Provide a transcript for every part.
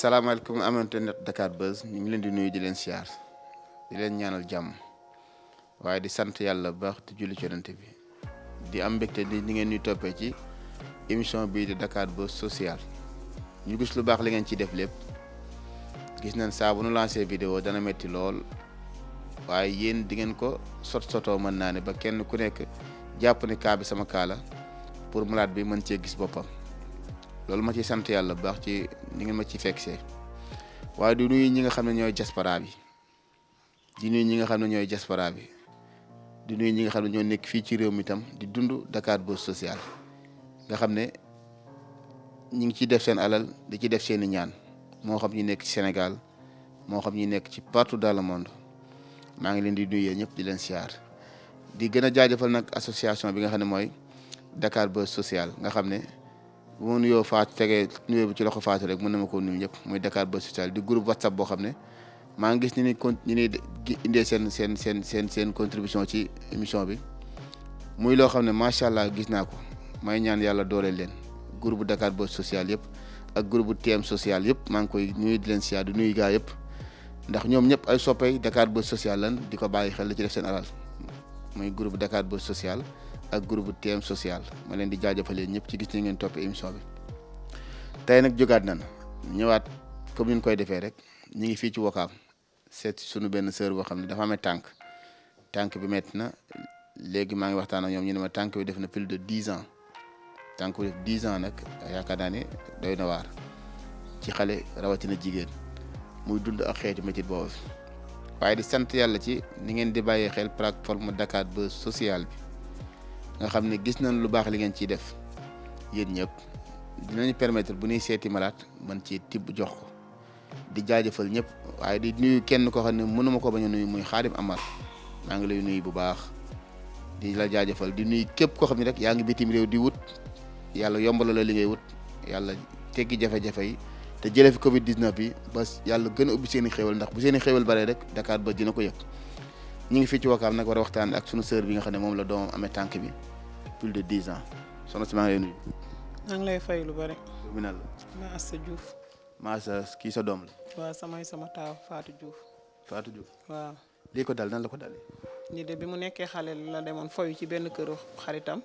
salaamaaleykum amante net Dakar Buzz ñu ngi leen di nuyu di leen siyaar di leen ñaanal jàmm waaye di sant yàlla bu baax di julli Yonent bi di am mbégte di ni ngeen ñuy toppee ci émission bii di Dakar Buzz social ñu gis lu baax li ngeen ciy def lépp gis nañ saabu nu lancé vidéo dana metti lool waaye yéen di ngeen ko sot soto mën naa ne ba kenn ku nekk jàpp ne kaa bi sama kaala pour malade bi mën cee gis boppam. loolu ma ciy sant yàlla bu baax ci ni ngeen ma ci fekk see waaye di nuyu ñi nga xam ne ñooy diaspora bi di nuyu ñi nga xam ne ñooy diaspora bi di nuyu ñi nga xam ne ñoo nekk fii ci réew mi tam di dund Dakar Buzz Social nga xam ne ñi ngi ciy def seen alal di ci def seen ñaan moo xam ñi nekk ci Sénégal moo xam ñi nekk ci partout dans le monde maa ngi leen di nuyu ñëpp di leen siyaar di gën a jaajëfal nag association bi nga xam ne mooy Dakar Buzz Social nga xam ne. bu ma faat Fatou tegee bi ci loxo Fatou rek mën na ma koo nuyu ñëpp muy Dakar Buzz Social di groupe whatsapp boo xam ne maa ngi gis ni ni con ñu ni indee seen seen seen seen seen contribution ci émission bi muy loo xam ne macha allah gis naa ko may ñaan yàlla dooleel leen group Dakar Buzz Social yëpp ak groupe TM Social yëpp maa ngi koy nuyu di leen siyaar di nuyu gaa yëpp ndax ñoom ñëpp ay soppey Dakar Buzz Social lan di ko bàyyi xel la ci def seen alal muy groupe Dakar Buzz Social ak groupe TM social ma leen di jaajëfalee ñëpp ci gis ñu ngeen topp émission bi tey nag jógaat nan ñëwaat comme ni koy defee rek ñu ngi fii ci Wakaam seet sunu benn sœur boo xam ne dafa amee tànk tànk bi metti na léegi maa ngi waxtaan ak ñoom ñu ne ma tànk bi def na plus de dix ans tànk bi def dix ans nag yaakaar naa ne doy na waar ci xale rawatina jigéen muy dund a xeeti métit boobu waaye di sant yàlla ci ni ngeen di bàyyee xel plateforme Dakar Buzz sociale bi. nga xam ne gis nañ lu baax li ngeen ciy def yéen ñëpp dinañu permettre bu ñuy seeti malaat man ci tibb jox di jaajëfal ñëpp waaye di nuy kenn koo xam ne mënuma ko bañ a nuyu muy Xaadim Amar maa ngi lay nuyu bu baax di la jaajëfal di nuy képp koo xam ne rek yaa ngi bitim réew di wut yàlla yombala la li ngay wut yàlla teggi jafe-jafe yi te jële fi Covid 19 bi ba yàlla gën a ubbi seen i xéwal ndax bu seen i xéwal bare rek Dakar ba dina ko yëg. ñu ngi fii ci Wakaam nag war a waxtaan ak sunu sœur bi nga xam ne moom la doomam amee tànk bi plus de dix ans soxna si maa ngi lay ngi lay fay lu bëri. terminal la. maa Assa Diouf. maa Assa kii sa doom la. waaw samay sama taaw faatu juuf Fatou Diouf waaw. lii ko dal nan la ko dalee. ni de bi mu nekkee xale la demoon fayu ci benn kër xaritam.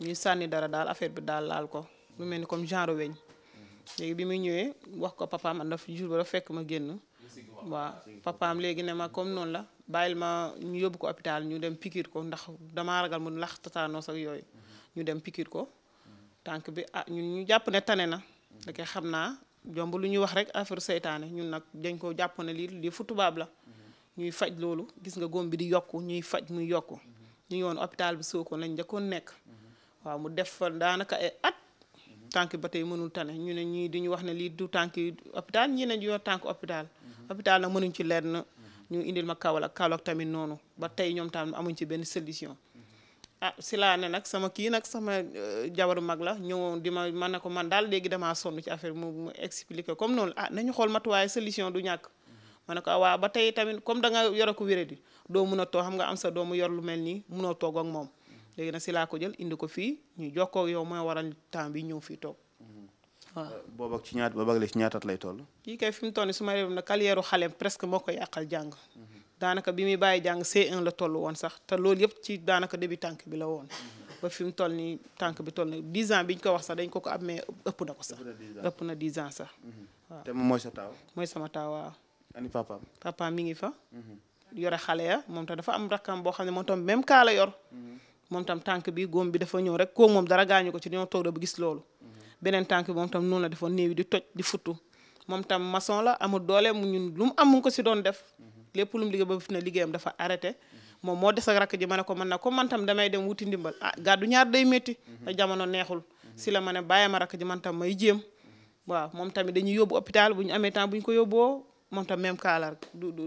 ñuy sànni dara daal affaire bi daal laal ko. mu mel ni comme genre weñ. Mhm. léegi bi muy ñëwee wax ko papaam daf jour ba fekk ma génn. waaw papaam léegi ne ma comme noonu la bàyyil ma ñu yóbbu ko hôpital ñu dem pikiir ko ndax damaa ragal mu lax tétanos ak yooyu ñu dem pikiir ko tànk bi ah ñu jàpp ne tane na da xam naa jomb lu ñuy wax rek affaire seytaane ñun nag dañ ko jàpp ne lii lii fu tubaab la ñuy faj loolu gis nga góom bi di yokk ñuy faj muy yokk ñu ngi hôpital bi soo ko lañ njëkkoon nekk waaw mu def fa daanaka ay at tànk ba tey mënul tane ñu ne ñii di ñu wax ne lii du tànk hôpital ñii ne tànk hôpital hôpital nag mënuñ ci leer na ñu indil ma Kaolack Kaolack tamit noonu ba tey ñoom tam amuñ ci benn solution ah si laa ne nag sama kii nag sama euh, jabaru mag la ñëwoon di ma man ne ko man daal léegi damaa sonn ci affaire mu mu expliqué comme noonu ah nañu xool matuwaay solution du ñàkk ma ne ko ah, waaw ba tey tamit comme da nga yore ko wéradi doo mun a toog xam nga am sa doomu yor lu mel nii munoo toog ak moom léegi nag si laa ko jël indi ko fii ñu jokkoo yow mooy waral temps bi ñëw fii toog waaw euh, boobu ci ñaat boobu ak ci ñaataat lay toll. kii kay fi mu toll nii su ma réewam nag carrière xale presque moo ko yàqal jàng. daanaka bi muy bàyyi jàng C1 la toll woon sax te loolu yëpp ci daanaka début tànk bi la woon. ba fi mu toll nii tànk bi toll nii 10 ans biñ ko wax sax dañ ko ko am mais mooy sama taaw waaw. ani ngi fa. Mhm. yore xale ya moom tam dafa am rakkam boo xam ne moom tam même kaa la yor. Mhm. moom tam tànk bi góom bi dafa ñëw rek koo moom dara gaañu ko ci dañoo toog da ba gis loolu. Mhm. beneen tànk bi moom tam noonu la defoon néew di toj di futtu moom tam maçon la amul doole mu ñun lu mu am ko si doon def lépp lu mu liggéey ba dafa arrêté moom moo des ak rakk ma ne ko man nag comme man tam damay dem wuti ndimbal ah gàddu ñaar day métti te jamono neexul si la ma ne bàyyi ma rakk ji man tam may jéem waaw moom tamit dañuy yóbbu hôpital bu ñu amee temps bu ñu ko yóbboo moom tam même kaala du du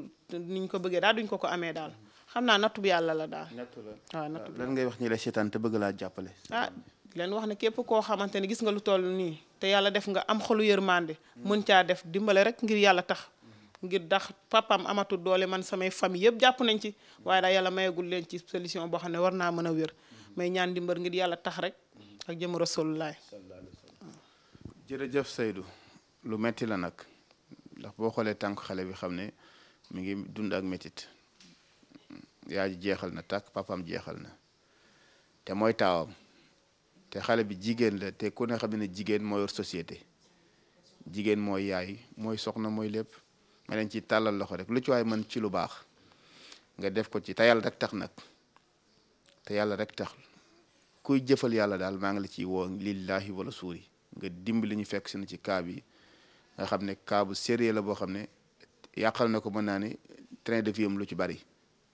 ni ñu ko bëggee daal duñ ko ko amee daal xam naa nattu bu yàlla la daal. nattu la waaw ngay wax ñi la seetaan te bëgg laa jàppale. Ah, leen wax ne képp koo xamante ne gis nga lu toll nii te yàlla def nga am xolu yërmande mën caa def dimbale rek ngir yàlla tax ngir dax papam amatu doole man samay famille yëpp jàpp nañ ci waaye daal yàlla mayagul leen ci solution boo xam ne war naa mën a wér may ñaan dimbal ngir yàlla tax rek ak jëm rasulullaay jërëjëf saydu lu metti la nag ndax boo xoolee tànk xale bi xam ne mu ngi dund ak métit yaa ji jeexal na takk papam jeexal na te mooy taawam te xale bi jigéen la te ku ne xam ne jigéen moo yor société jigéen mooy yaay mooy soxna mooy lépp ma leen ci tàllal loxo rek lu ci waay man ci lu baax nga def ko ci te yàlla rek tax nag te yàlla rek tax kuy jëfal yàlla daal maa ngi la ciy woo lillahi wala suuri nga dimbali ñu fekk sunu ci kaa bi nga xam ne kaa bu sérieux la boo xam ne yàqal na ko mën naa ni train de vie am lu ci bari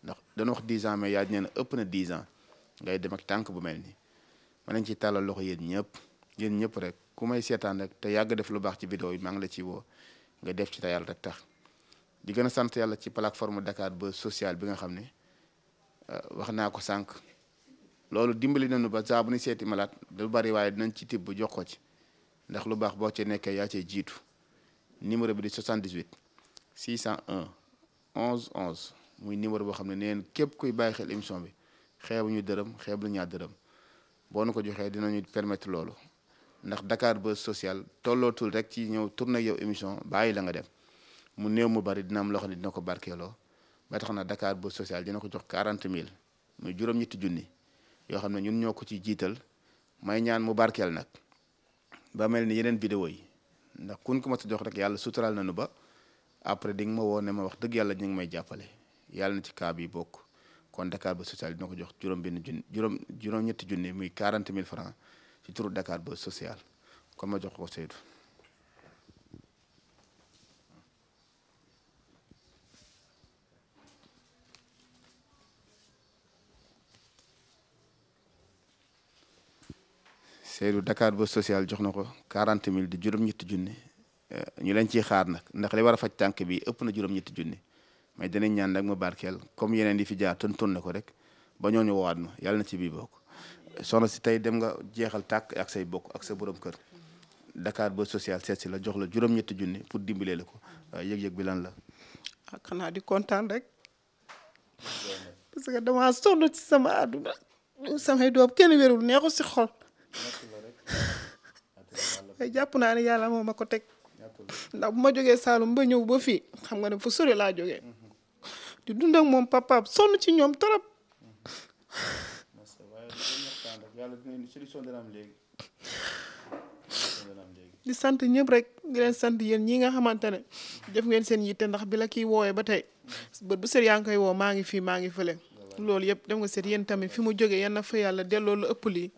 ndax dana wax 10 ans mais yaa ngi ne ëpp na 10 ans ngay dem ak tànk bu mel nii. ma leen ci tàllal loxo yéen ñëpp yéen ñëpp rek ku may seetaan rek te yàgg def lu baax ci vidéo yi maa la ci woo nga def ci te yàlla rek tax di gën a sant yàlla ci plateforme Dakar ba sociale bi nga xam ne euh, wax naa ko sànq loolu dimbali nañu ba saa bu seeti malaat du bari waaye dinañ ci tibb jox ko ci ndax lu baax boo ci nekkee yaa cee jiitu numéro bi di 78 601 11 11 muy numéro boo xam ne neen képp kuy bàyyi xel émission bi xeebuñu dërëm xeebuñu ñaar dërëm. boo nu ko joxee dinañu permettre loolu ndax dakaar Buzz social tollootul rek ci ñëw tourné yow émission bàyyi la nga dem mu néew mu bari dina am loxo xam dina ko barkeeloo ba tax na dakaar Buzz social dina ko jox quarante mille muy juróom-ñetti junni yoo xam ne ñun ñoo ko ci jiital may ñaan mu barkeel nag ba mel ni yeneen vidéo yi ndax kun ko ma ta jox rek yàlla suturaal nañu ba après di nga ma woo ne ma wax dëgg yàlla ñu ngi may jàppale yàlla na ci kaa bi bokk kon Dakar Buzz social dina ko jox juróom benn junni juróom juróom-ñetti junni muy quarante mille francs ci turu Dakar Buzz social kon jox ko Seydou. Seydou Dakar Buzz social jox na ko quarante mille di juróom-ñetti junni eh, ñu leen ciy xaar nag ndax li war a faj tànk bi ëpp na juróom-ñetti junni. mais danañ ñaan rek mu barkeel comme yeneen di fi jaar tontoon na ko rek ba ñooñu woowaat ma yàlla na ci bii bokk soxna si tey dem nga jeexal tàkk ak say bokk ak sa borom kër Dakar si la jox la juróom-ñetti junni la ko yëg-yëg bi lan la. Ah, di kontaan rek parce sama àdduna samay doom kenn wérul neexu si xol jàpp naa ne yàlla moo ma ko teg ndax bu ma jógee Saalum ba ñëw boo fi xam nga ne fu sori laa jógee. Mm-hmm. di dund ak moom papaam sonn ci ñoom trop. di sant ñëpp rek di leen sant yéen ñi nga xamante ne def ngeen seen yitte ndax bi la kiy woowee ba tey bët bu set yaa ngi koy woo maa ngi fii maa ngi fële. lool yëpp def nga seet yéen tamit fi mu jógee yal fa yàlla delloo lu ëpp lii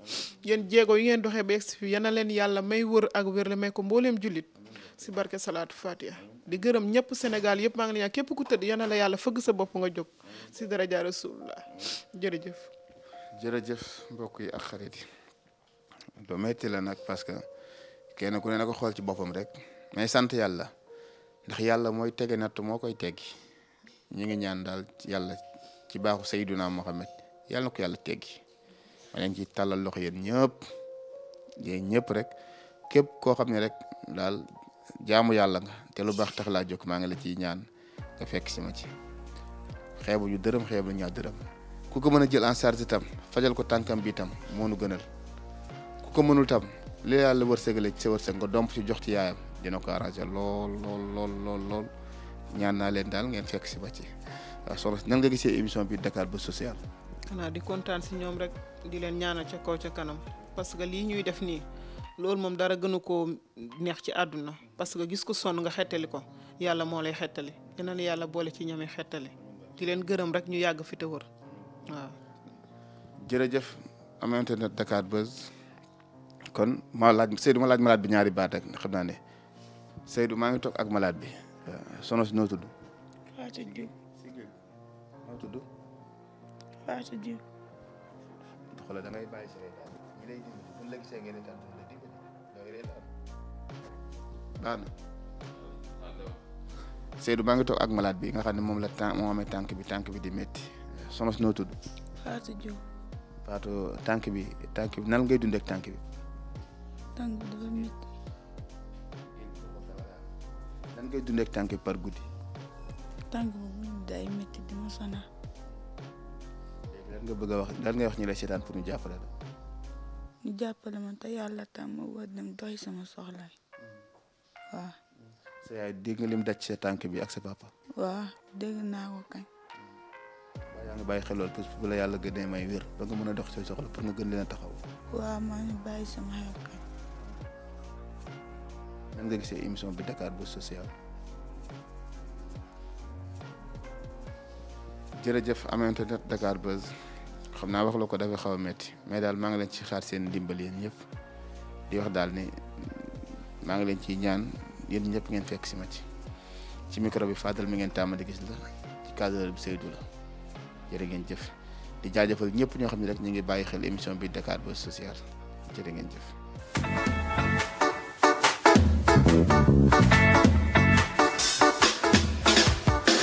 yéen jéego yi ngeen doxee ba egsi fi yal leen yàlla may wër ak wér la may ko mbooleem jullit. si barke salaat fatiha di gërëm ñëpp Sénégal yëpp maa ngi la képp ku tëdd yal na la yàlla fëgg sa bopp nga jóg si daraja rasulullah jërëjëf. jërëjëf mbokk yi ak xarit yi. du metti la nag parce que kenn ku ne na ko xool ci boppam rek mais sant yàlla ndax yàlla mooy tege natt moo koy teggi ñu ngi ñaan daal yàlla ci baaxu Sayyiduna Muhammad yàlla na ko yàlla teggi ma leen ci tàllal loxo yéen ñëpp yéen ñëpp rek képp koo xam ne rek daal. jaamu yàlla nga te lu baax tax laa jóg maa ngi la ciy ñaan nga fekk si ma ci xeebu ñu dërëm xeebu ñu ñaar dërëm ku ko mën a jël en charge tam fajal ko tànkam bi tam moo nu gënal ku ko mënul tam li yàlla wërsëgale ci sa wërsëg nga domp ci jox ci yaayam dina ko arrangé lool lool lool lool ñaan naa leen daal ngeen fekk si ci waaw soxna nan nga gisee émission bi Dakar Buzz Social. xanaa di kontaan si ñoom rek di leen ñaanal ca kaw ca parce que lii ñuy def nii loolu moom dara gënu ko neex ci àdduna parce que gis ko sonn nga xettali ko yàlla moo lay xettali dina la yàlla boole ci ñami xettali di leen gërëm rek ñu yàgg fi te wër waaw. jërëjëf am internet Dakar Buzz kon ma laaj Seydou ma laaj malade bi ñaari baat rek xam naa ne Seydou maa ngi toog ak malade bi euh, sono si noo tudd. Fatou Diouf. baax na maa ngi toog ak malaat bi nga xam ne moom la tànk moo amee tànk bi tànk bi di métti soxna si noo tudd. Fatou Diouf. Fatou tànk bi tànk bi nan ngay dund ak tànk bi. tànk bi dafa tànk bi par guddi. tànk boobu day métti di ma sonal. léegi nga bëgg a wax lan ngay wax ñu lay seetaan pour ñu jàppale la. ñu jàppale ma te yàlla tam ma wër dem doy sama soxla. waaw. sa yaay dégg nga lim daj sa tànk bi ak sa papa. waaw dégg naa ko kañ. waaw yaa ngi bàyyi yàlla gënee may wér ba nga mën dox say soxla pour nga gën leen a taxaw. waaw maa ngi bàyyi sama xel kañ. nga gisee émission bi Dakar Buzz Social. jërëjëf amante Dakar Buzz xam naa wax la ko dafa xaw a métti mais daal maa ngi leen ci xaar seen ndimbal yéen yëpp di wax daal ni. maa ngi leen ci ñaan yéen ñëpp ngeen fekk si ci ci micro bi Fadel mi ngeen tàmm di gis la ci cadre bi Seydou la jërë ngeen jëf di jaajëfal ñëpp ñoo xam ne rek ñu ngi bàyyi xel émission bi Dakar Buzz Social jërë ngeen jëf.